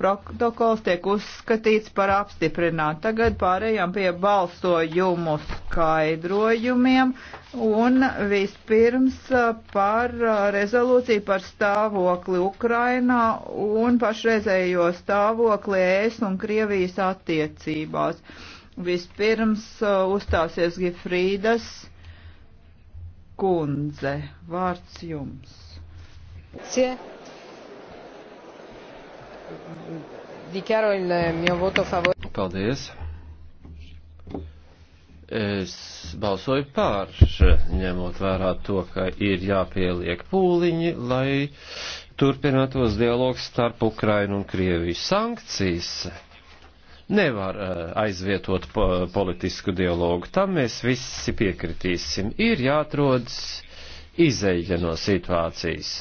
protokols tiek uzskatīts par apstiprinātu. Tagad pārējām pie balsojumu skaidrojumiem un vispirms uh, par uh, rezolūciju par stāvokli Ukrainā un pašreizējo stāvokli ES un Krievijas attiecībās. Vispirms uh, uzstāsies Gifrīdas kundze. Vārds jums. Cie dichiaro il mio voto favorevole. Paldies. Es balsoju pār, ņemot vērā to, ka ir jāpieliek pūliņi, lai turpinātos dialogs starp Ukrainu un Krieviju. Sankcijas nevar eh, aizvietot po politisku dialogu. Tam mēs visi piekritīsim. Ir jāatrodas izeja no situācijas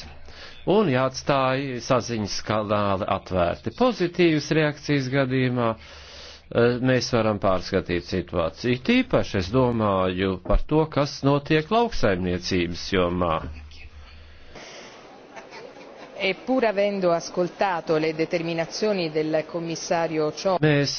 un jāatstāja saziņas kanāli atvērti. Pozitīvas reakcijas gadījumā e, mēs varam pārskatīt situāciju. Tīpaši es domāju par to, kas notiek lauksaimniecības jomā. Eppur avendo ascoltato le determinazioni del commissario Ciò. Mēs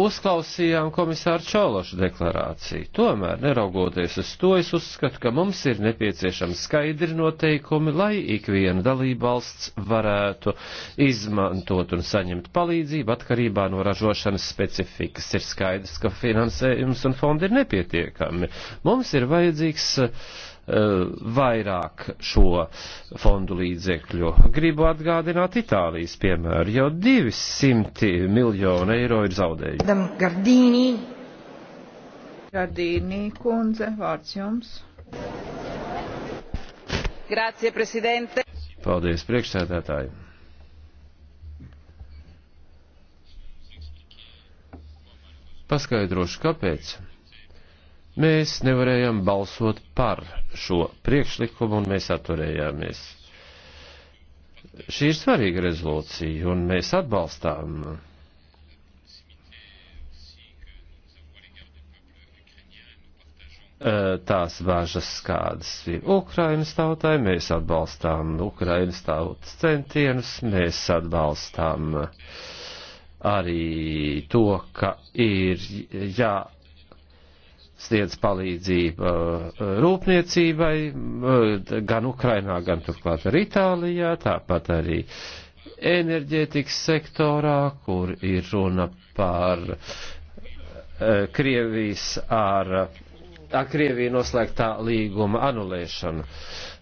uzklausījām komisāru Čološu deklarāciju. Tomēr, neraugoties uz to, es uzskatu, ka mums ir nepieciešami skaidri noteikumi, lai ikviena dalībvalsts varētu izmantot un saņemt palīdzību atkarībā no ražošanas specifikas. Ir skaidrs, ka finansējums un fondi ir nepietiekami. Mums ir vajadzīgs Eh, vairāk šo fondu līdzekļu. Gribu atgādināt Itālijas piemēru, jau 200 miljonu eiro ir zaudējumi. Gardīnī. Gardīnī kundze, vārds jums. Grazie, prezidente. Paldies, priekšsēdētāji. Paskaidrošu, kāpēc. Mēs nevarējām balsot par šo priekšlikumu un mēs atturējāmies. Šī ir svarīga rezolūcija un mēs atbalstām. Eh, tās bažas, kādas ir Ukrainas tautai, mēs atbalstām Ukrainas tautas centienus, mēs atbalstām arī to, ka ir jā. Ja, sniedz palīdzību uh, rūpniecībai, uh, gan Ukrainā, gan turklāt arī Itālijā, tāpat arī enerģētikas sektorā, kur ir runa par uh, Krievijas ar, ar Krieviju noslēgtā līguma anulēšanu.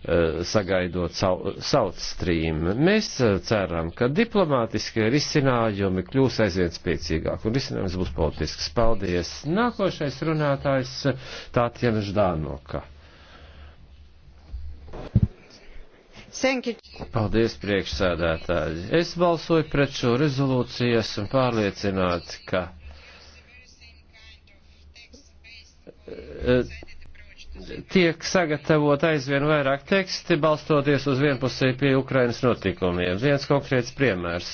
Eh, sagaidot South Stream. Mēs eh, ceram, ka diplomātiskie risinājumi kļūs aizvien spēcīgāk un risinājums būs politisks. Paldies! Nākošais runātājs eh, Tātjana Ždānoka. Paldies, priekšsēdētāji. Es balsoju pret šo rezolūciju, esmu pārliecināts, ka tiek sagatavot aizvien vairāk teksti, balstoties uz vienpusēju pie Ukrainas notikumiem. Viens konkrēts piemērs.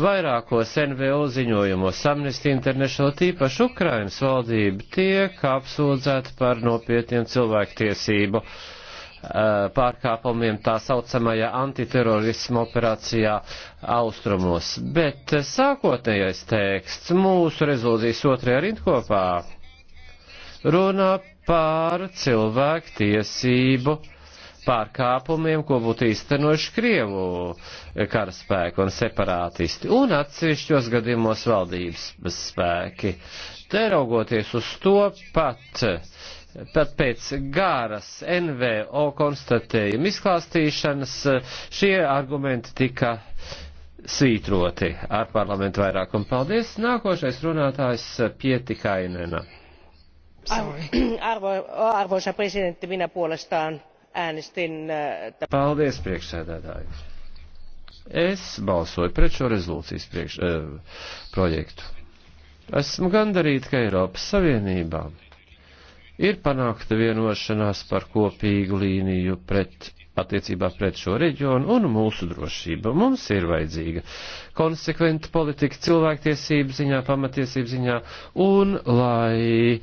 Vairākos NVO ziņojumos Amnesty International tīpaši Ukrainas valdība tiek apsūdzēta par nopietniem cilvēktiesību pārkāpumiem tā saucamajā antiterorisma operācijā austrumos. Bet sākotnējais teksts mūsu rezolūcijas otrajā rindkopā runā par cilvēku tiesību pārkāpumiem, ko būtu īstenojuši Krievu karaspēki un separātisti, un atsevišķos gadījumos valdības spēki. Te raugoties uz to pat, pat pēc gāras NVO konstatējuma izklāstīšanas, šie argumenti tika svītroti ar parlamentu vairākumu. Paldies! Nākošais runātājs Pietikainena. arvoisa puhemies minä puolestaan äänestin. Äh, paldies priekšsēdētāji. Es balsoju pret šo rezolūcijas priekš, äh, projektu. Esmu gandarīta, ka Eiropas Savienībā ir panākta vienošanās par kopīgu līniju pret attiecībā pret šo reģionu un mūsu drošību. Mums ir vajadzīga konsekventa politika cilvēktiesību ziņā, pamatiesību ziņā un lai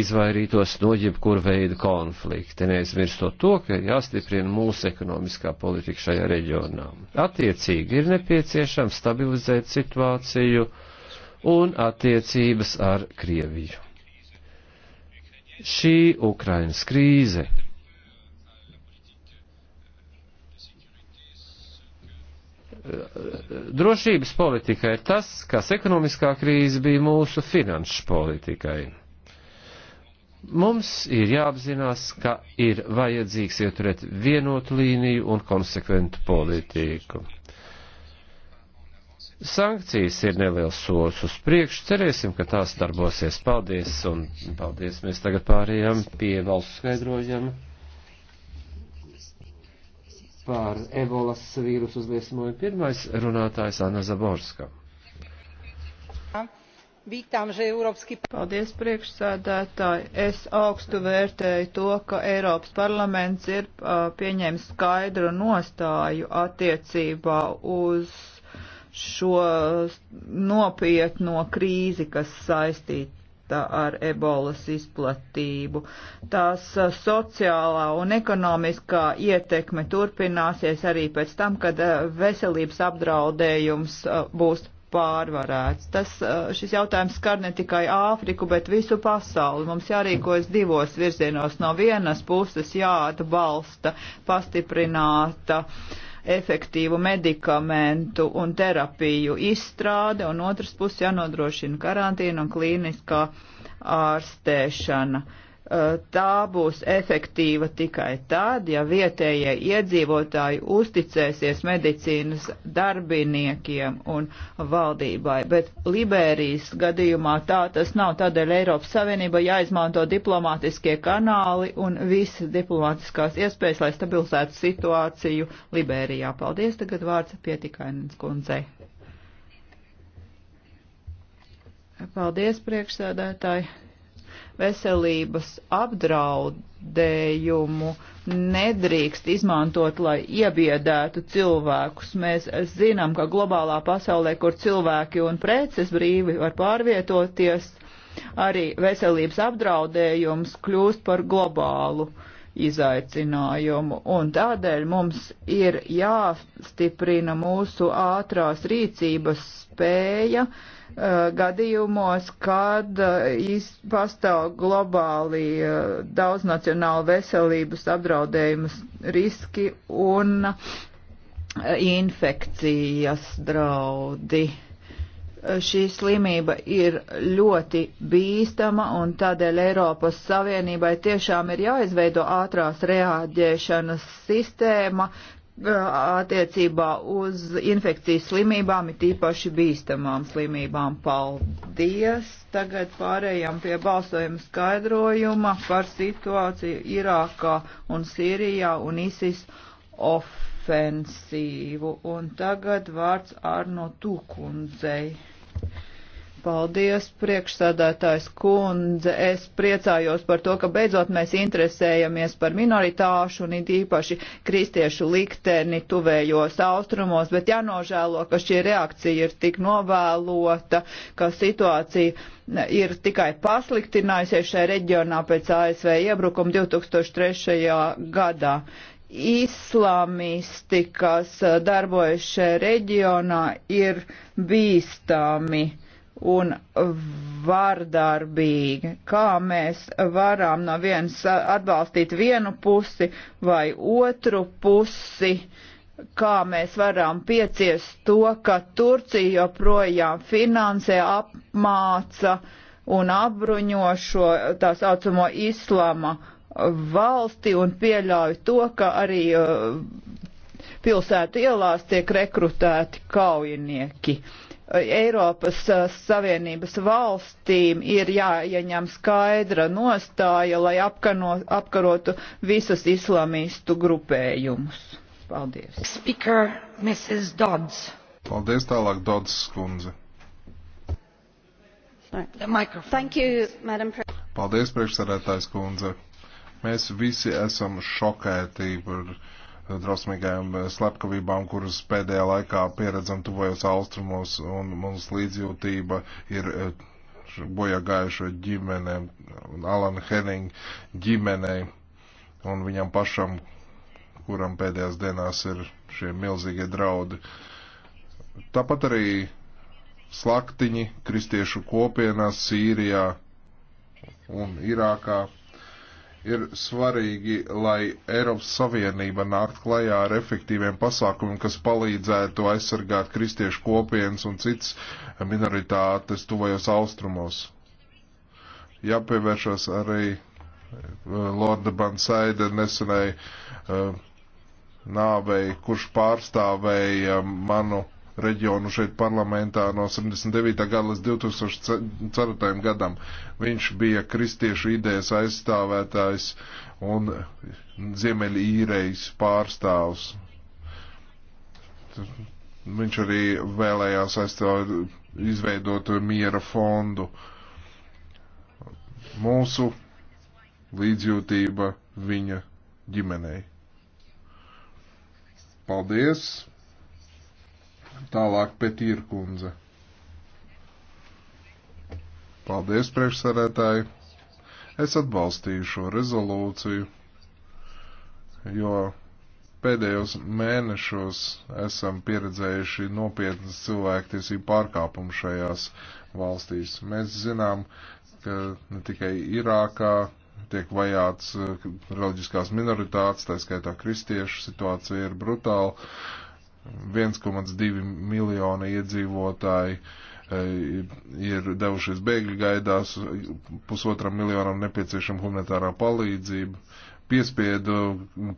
izvairītos no jebkura veida konflikta. Neaizmirstot to, ka ir jāstiprina mūsu ekonomiskā politika šajā reģionā. Attiecīgi ir nepieciešams stabilizēt situāciju un attiecības ar Krieviju. Šī Ukrainas krīze drošības politika ir tas, kas ekonomiskā krīze bija mūsu finanšu politikai. Mums ir jāapzinās, ka ir vajadzīgs ieturēt vienotu līniju un konsekventu politiku. Sankcijas ir neliels solis uz priekšu, cerēsim, ka tās darbosies. Paldies, un paldies, mēs tagad pārējām pie valsts skaidrojumu par ebolas vīrusu uzliesmojumu. Pirmais runātājs Anna Zaborska. Paldies, priekšsēdētāji. Es augstu vērtēju to, ka Eiropas parlaments ir pieņēmis skaidru nostāju attiecībā uz šo nopietno krīzi, kas saistīta saistā ar ebolas izplatību. Tās uh, sociālā un ekonomiskā ietekme turpināsies arī pēc tam, kad uh, veselības apdraudējums uh, būs pārvarēts. Tas, šis jautājums skar ne tikai Āfriku, bet visu pasauli. Mums jārīkojas divos virzienos. No vienas puses jāatbalsta pastiprināta uh, efektīvu medikamentu un terapiju izstrāde, un otrs puses jānodrošina karantīna un klīniskā ārstēšana. Uh, Eh, tā būs efektīva tikai tad, ja vietējie iedzīvotāji uzticēsies medicīnas darbiniekiem un valdībai. Bet Liberijas gadījumā tā tas nav, tādēļ Eiropas Savienība jāizmanto diplomātiskie kanāli un visas diplomātiskās iespējas, lai stabilizētu situāciju Liberijā. Paldies, tagad vārds pietikainins kundzei. Paldies, priekšsēdētāji veselības apdraudējumu nedrīkst izmantot, lai iebiedētu cilvēkus. Mēs zinām, ka globālā pasaulē, kur cilvēki un preces brīvi var pārvietoties, arī veselības apdraudējums kļūst par globālu izaicinājumu, un tādēļ mums ir jāstiprina mūsu ātrās rīcības spēja uh, gadījumos, kad uh, pastāv globāli uh, daudznacionāli veselības apdraudējumus riski un uh, infekcijas draudi. Eh, šī slimība ir ļoti bīstama un tādēļ Eiropas Savienībai tiešām ir jāizveido ātrās reaģēšanas sistēma eh, attiecībā uz infekcijas slimībām, ir tīpaši bīstamām slimībām. Paldies! Tagad pārējām pie balsojuma skaidrojuma par situāciju Irākā un Sīrijā un ISIS ofensīvu. Un tagad vārds Arno Tūkundzei. Paldies, priekšsēdētājs kundze. Es priecājos par to, ka beidzot mēs interesējamies par minoritāšu un it īpaši kristiešu likteni tuvējos austrumos, bet jānožēlo, ka šī reakcija ir tik novēlota, ka situācija ir tikai pasliktinājusies šajā reģionā pēc ASV iebrukuma 2003. gadā islamisti, kas darbojas šajā reģionā, ir bīstami un vardarbīgi. Kā mēs varam no vienas atbalstīt vienu pusi vai otru pusi, kā mēs varam pieciest to, ka Turcija joprojām finansē, apmāca un apbruņo šo tā saucamo islama uh, valsti un pieļauj to, ka arī uh, pilsētu ielās tiek rekrutēti kaujinieki. Eiropas uh, Savienības valstīm ir jāieņem skaidra nostāja, lai apkano, apkarotu visas islamistu grupējumus. Paldies. Speaker, Mrs. Dodds. Paldies tālāk, Dodds skundze. Paldies, priekšsarētājs kundze. Mēs visi esam šokēti par drausmīgajām slepkavībām, kuras pēdējā laikā pieredzam tuvajos austrumos, un mums līdzjūtība ir eh, bojā gājušo ģimenēm, Alan Henning ģimenei un viņam pašam, kuram pēdējās dienās ir šie milzīgie draudi. Tāpat arī slaktiņi kristiešu kopienās Sīrijā un Irākā ir svarīgi, lai Eiropas Savienība nākt klajā ar efektīviem pasākumiem, kas palīdzētu aizsargāt kristiešu kopienas un citas minoritātes tuvajos austrumos. Jāpievēršas arī eh, Lorda Bansaida nesenai uh, nāvei, kurš pārstāvēja manu reģionu šeit parlamentā no 79. gada līdz 2004. gadam. Viņš bija kristiešu idejas aizstāvētājs un Ziemeļa īrejas pārstāvs. Viņš arī vēlējās aizstāvēt, izveidot miera fondu. Mūsu līdzjūtība viņa ģimenei. Paldies! Tālāk Petīra kundze. Paldies, priekšsarētāji. Es atbalstīju šo rezolūciju, jo pēdējos mēnešos esam pieredzējuši nopietnas cilvēktiesību pārkāpumu šajās valstīs. Mēs zinām, ka ne tikai Irākā tiek vajāts eh, reliģiskās minoritātes, tā skaitā kristiešu situācija ir brutāla. 1,2 miljoni iedzīvotāji e, ir devušies bēgļu gaidās, pusotram miljonam nepieciešama humanitārā palīdzība, piespiedu e,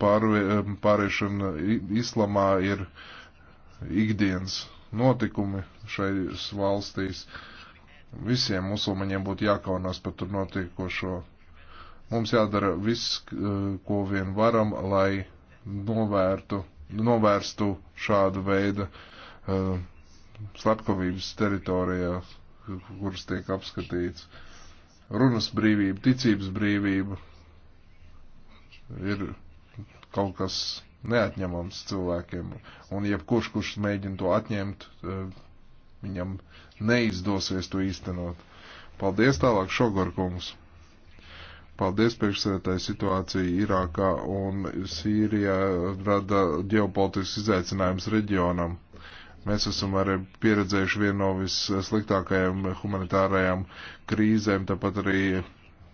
pāriešana islamā ir ikdienas notikumi šajās valstīs. Visiem musulmaņiem būtu jākaunās par tur notiekošo. Mums jādara viss, e, ko vien varam, lai novērtu novērstu šādu veidu uh, slepkavības teritorijā, kuras tiek apskatīts. Runas brīvība, ticības brīvība ir kaut kas neatņemams cilvēkiem, un jebkurš, kurš mēģina to atņemt, eh, viņam neizdosies to īstenot. Paldies tālāk, Šogorkungs! Paldies, priekšsēdētāji, situācija Irākā un Sīrijā rada ģeopolitisks izaicinājums reģionam. Mēs esam arī pieredzējuši vienu no vissliktākajām humanitārajām krīzēm, tāpat arī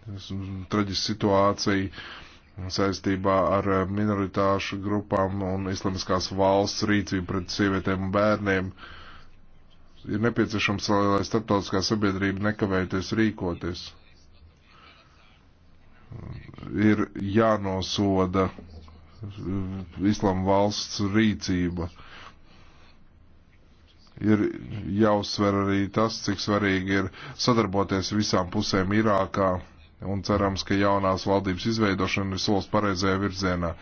traģiska situācija saistībā ar minoritāšu grupām un islamiskās valsts rīcību pret sievietēm un bērniem. Ir nepieciešams, lai starptautiskā sabiedrība nekavēties rīkoties ir jānosoda Islāma valsts rīcība. Ir jāuzsver arī tas, cik svarīgi ir sadarboties visām pusēm Irākā un cerams, ka jaunās valdības izveidošana ir solis pareizajā virzienā.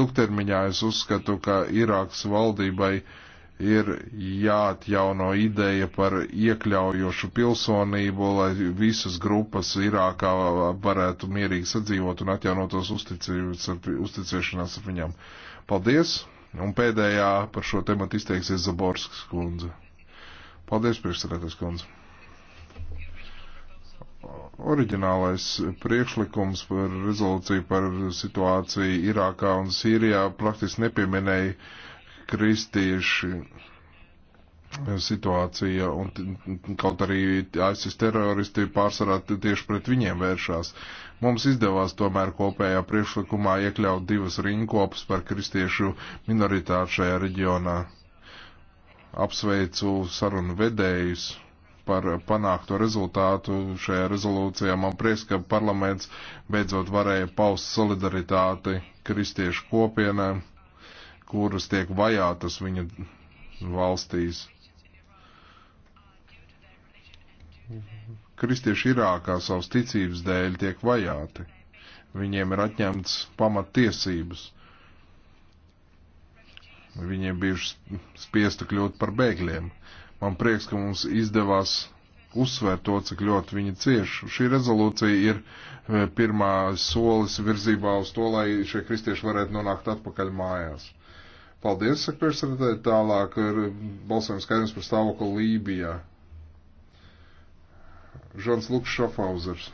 Ilgtermiņā es uzskatu, ka Irākas valdībai uh, ir jāatjauno ideja par iekļaujošu pilsonību, lai visas grupas Irākā varētu mierīgi sadzīvot un atjaunotos uzticēšanās ar viņam. Paldies! Un pēdējā par šo tematu izteiksies Zaborskas kundze. Paldies, priekšsēdētājs kundze! oriģinālais priekšlikums par rezolūciju par situāciju Irākā un Sīrijā praktiski nepieminēja kristieši situācija, un kaut arī ISIS teroristi pārsvarā tieši pret viņiem vēršās. Mums izdevās tomēr kopējā priekšlikumā iekļaut divas rinkopus par kristiešu minoritāti šajā reģionā. Apsveicu sarunu vedējus par panākto rezultātu šajā rezolūcijā. Man prieks, ka parlaments beidzot varēja paust solidaritāti kristiešu kopienai kuras tiek vajātas viņa valstīs. Kristieši Irākā savas ticības dēļ tiek vajāti. Viņiem ir atņemts pamattiesības. Viņiem bijuši spiesti kļūt par bēgļiem. Man prieks, ka mums izdevās uzsvērt to, cik ļoti viņi cieš. Šī rezolūcija ir eh, pirmā solis virzībā uz to, lai šie kristieši varētu nonākt atpakaļ mājās. Paldies, saka priekšsēdētāji. Tālāk ir balsojums skaidrs par stāvokli Lībijā. Žants Luks Šafauzers.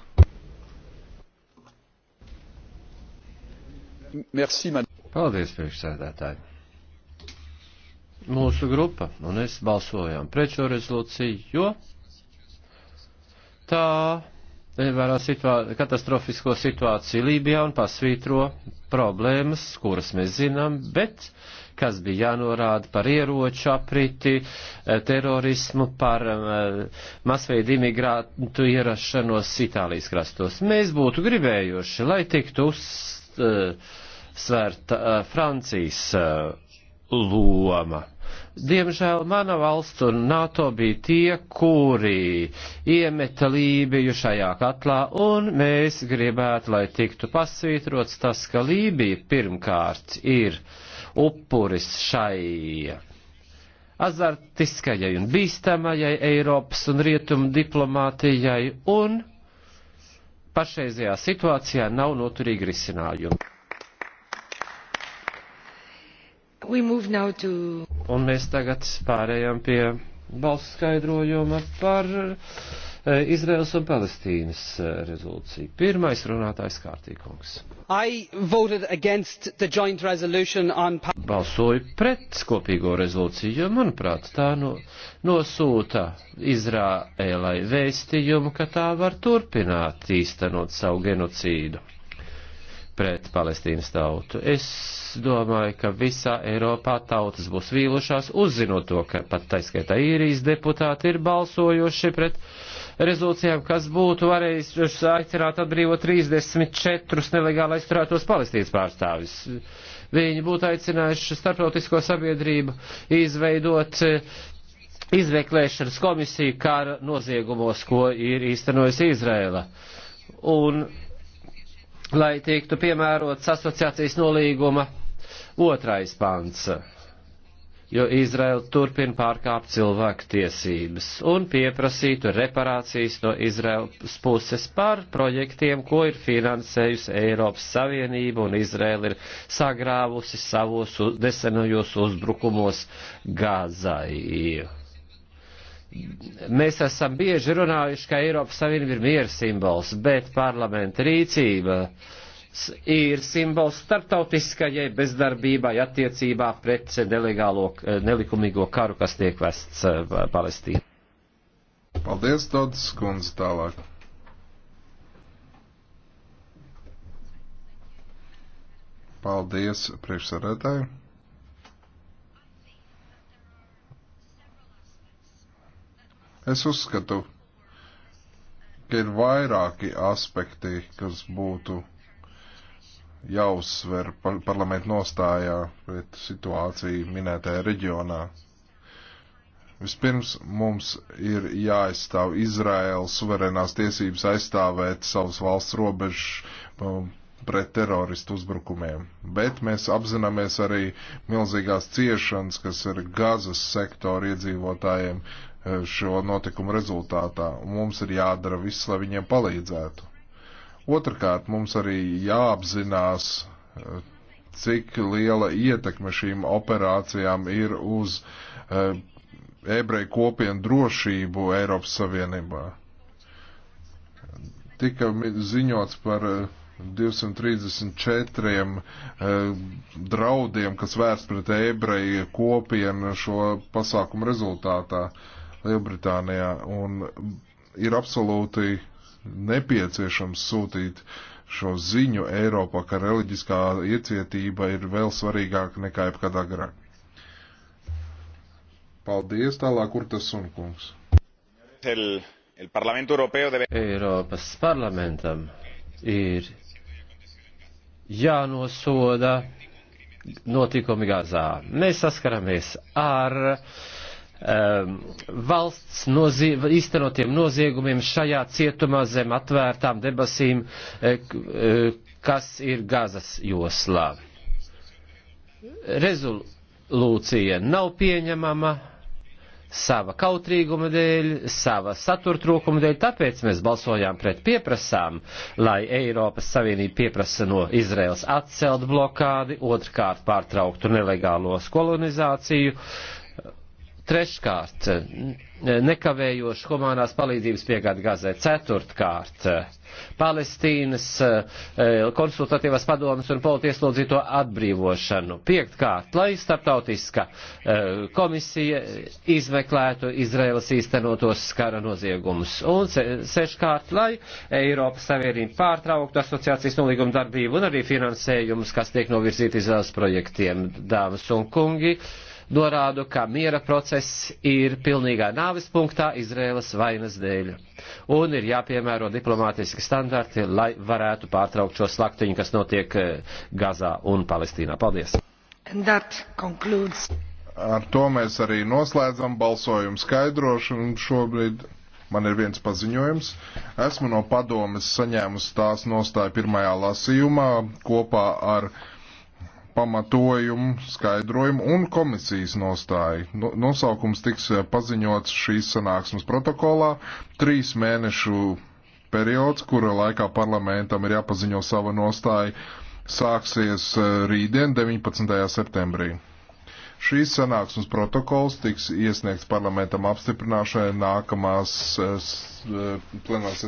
Merci, man... Paldies, priekšsēdētāji. Mūsu grupa un es balsojām pret šo rezolūciju, jo tā vērā situā katastrofisko situāciju Lībijā un pasvītro problēmas, kuras mēs zinām, bet uh, kas bija jānorāda par ieroču apriti, eh, terorismu, par eh, masveidu imigrātu ierašanos Itālijas krastos. Mēs būtu gribējuši, lai tiktu uzsvērta eh, Francijas loma. Diemžēl mana valsts un NATO bija tie, kuri iemeta Lībiju šajā katlā, un mēs gribētu, lai tiktu pasvītrots tas, ka Lībija pirmkārt ir uh, upuris šai azartiskajai un bīstamajai Eiropas un rietumu diplomātijai un pašreizajā situācijā nav noturīgi risinājumi. To... Un mēs tagad pārējām pie balss skaidrojuma par Eh, Izraels un Palestīnas eh, rezolūciju. Pirmais runātājs kārtīkungs. On... Balsoju pret kopīgo rezolūciju, jo, manuprāt, tā no, nosūta Izrēlai vēstījumu, ka tā var turpināt īstenot savu genocīdu pret Palestīnas tautu. Es domāju, ka visā Eiropā tautas būs vīlušās, uzzinot to, ka pat taiskaitā īrijas deputāti ir balsojuši pret rezolūcijām, kas būtu varējis aicināt atbrīvot 34 nelegāli aizturētos palestīnas pārstāvis. Viņi būtu aicinājuši starptautisko sabiedrību izveidot eh, izmeklēšanas komisiju kara noziegumos, ko ir īstenojusi Izraela. Un lai tiktu piemērots asociācijas nolīguma otrais pants jo Izraela turpina pārkāpt cilvēku tiesības un pieprasītu reparācijas no Izraels puses par projektiem, ko ir finansējusi Eiropas Savienība un Izraela ir sagrāvusi savos nesenajos uzbrukumos Gāzai. Mēs esam bieži runājuši, ka Eiropas Savienība ir miera simbols, bet parlamenta rīcība uh, ir simbols starptautiskajai bezdarbībai attiecībā pret nelegālo, eh, nelikumīgo karu, kas tiek vests eh, Palestīnā. Paldies, Dodas kundze, tālāk. Paldies, priekšsarētāji. Es uzskatu, ka ir vairāki aspekti, kas būtu jāuzsver par parlamentu nostājā pret situāciju minētajā reģionā. Vispirms mums ir jāaizstāv Izraēlas suverēnās tiesības aizstāvēt savas valsts robežas um, pret teroristu uzbrukumiem, bet mēs apzināmies arī milzīgās ciešanas, kas ir gazas sektora iedzīvotājiem eh, šo notikumu rezultātā, un mums ir jādara viss, lai viņiem palīdzētu. Otrakārt, mums arī jāapzinās, cik liela ietekme šīm operācijām ir uz eh, ebreju kopienu drošību Eiropas Savienībā. Tika ziņots par 234 eh, eh, draudiem, kas vērst pret ebreju kopienu šo pasākumu rezultātā Lielbritānijā. Un ir absolūti nepieciešams sūtīt šo ziņu Eiropā, ka reliģiskā iecietība ir vēl svarīgāka nekā jebkad agrāk. Paldies, tālāk, kur tas sunkungs. Eiropas parlamentam ir jānosoda notikumi Gazā. Mēs saskaramies ar um, valsts nozie īstenotiem noziegumiem šajā cietumā zem atvērtām debesīm, e, e, kas ir Gazas joslā. Rezolūcija nav pieņemama sava kautrīguma dēļ, sava satura trūkuma dēļ, tāpēc mēs balsojām pret pieprasām, lai Eiropas Savienība pieprasa no Izraels atcelt blokādi, otrkārt pārtrauktu nelegālos kolonizāciju, Treškārt, nekavējoši humanās palīdzības piegāda Gazē. Ceturtkārt, Palestīnas eh, konsultatīvās padomas un politieslodzīto atbrīvošanu. Piektkārt, lai starptautiska eh, komisija izmeklētu Izraēlas īstenotos skara noziegumus. Un seškārt, lai Eiropas Savienība pārtrauktu asociācijas nolīguma darbību un arī finansējumus, kas tiek novirzīti Izraēlas projektiem, dāmas un kungi. Uh, norādu, ka miera process ir pilnīgā nāves punktā Izrēlas vainas dēļ. Un ir jāpiemēro diplomātiski standarti, lai varētu pārtraukt šo slaktiņu, kas notiek eh, Gazā un Palestīnā. Paldies! Ar to mēs arī noslēdzam balsojumu skaidrošanu šobrīd. Man ir viens paziņojums. Esmu no padomes saņēmusi tās nostāju pirmajā lasījumā kopā ar pamatojumu, skaidrojumu un komisijas nostāju. Nosaukums tiks eh, paziņots šīs sanāksmes protokolā. Trīs mēnešu periods, kura laikā parlamentam ir jāpaziņo sava nostāja, sāksies eh, rītdien, 19. septembrī. Šīs sanāksmes protokols tiks iesniegts parlamentam apstiprināšanai nākamās eh, plenārs.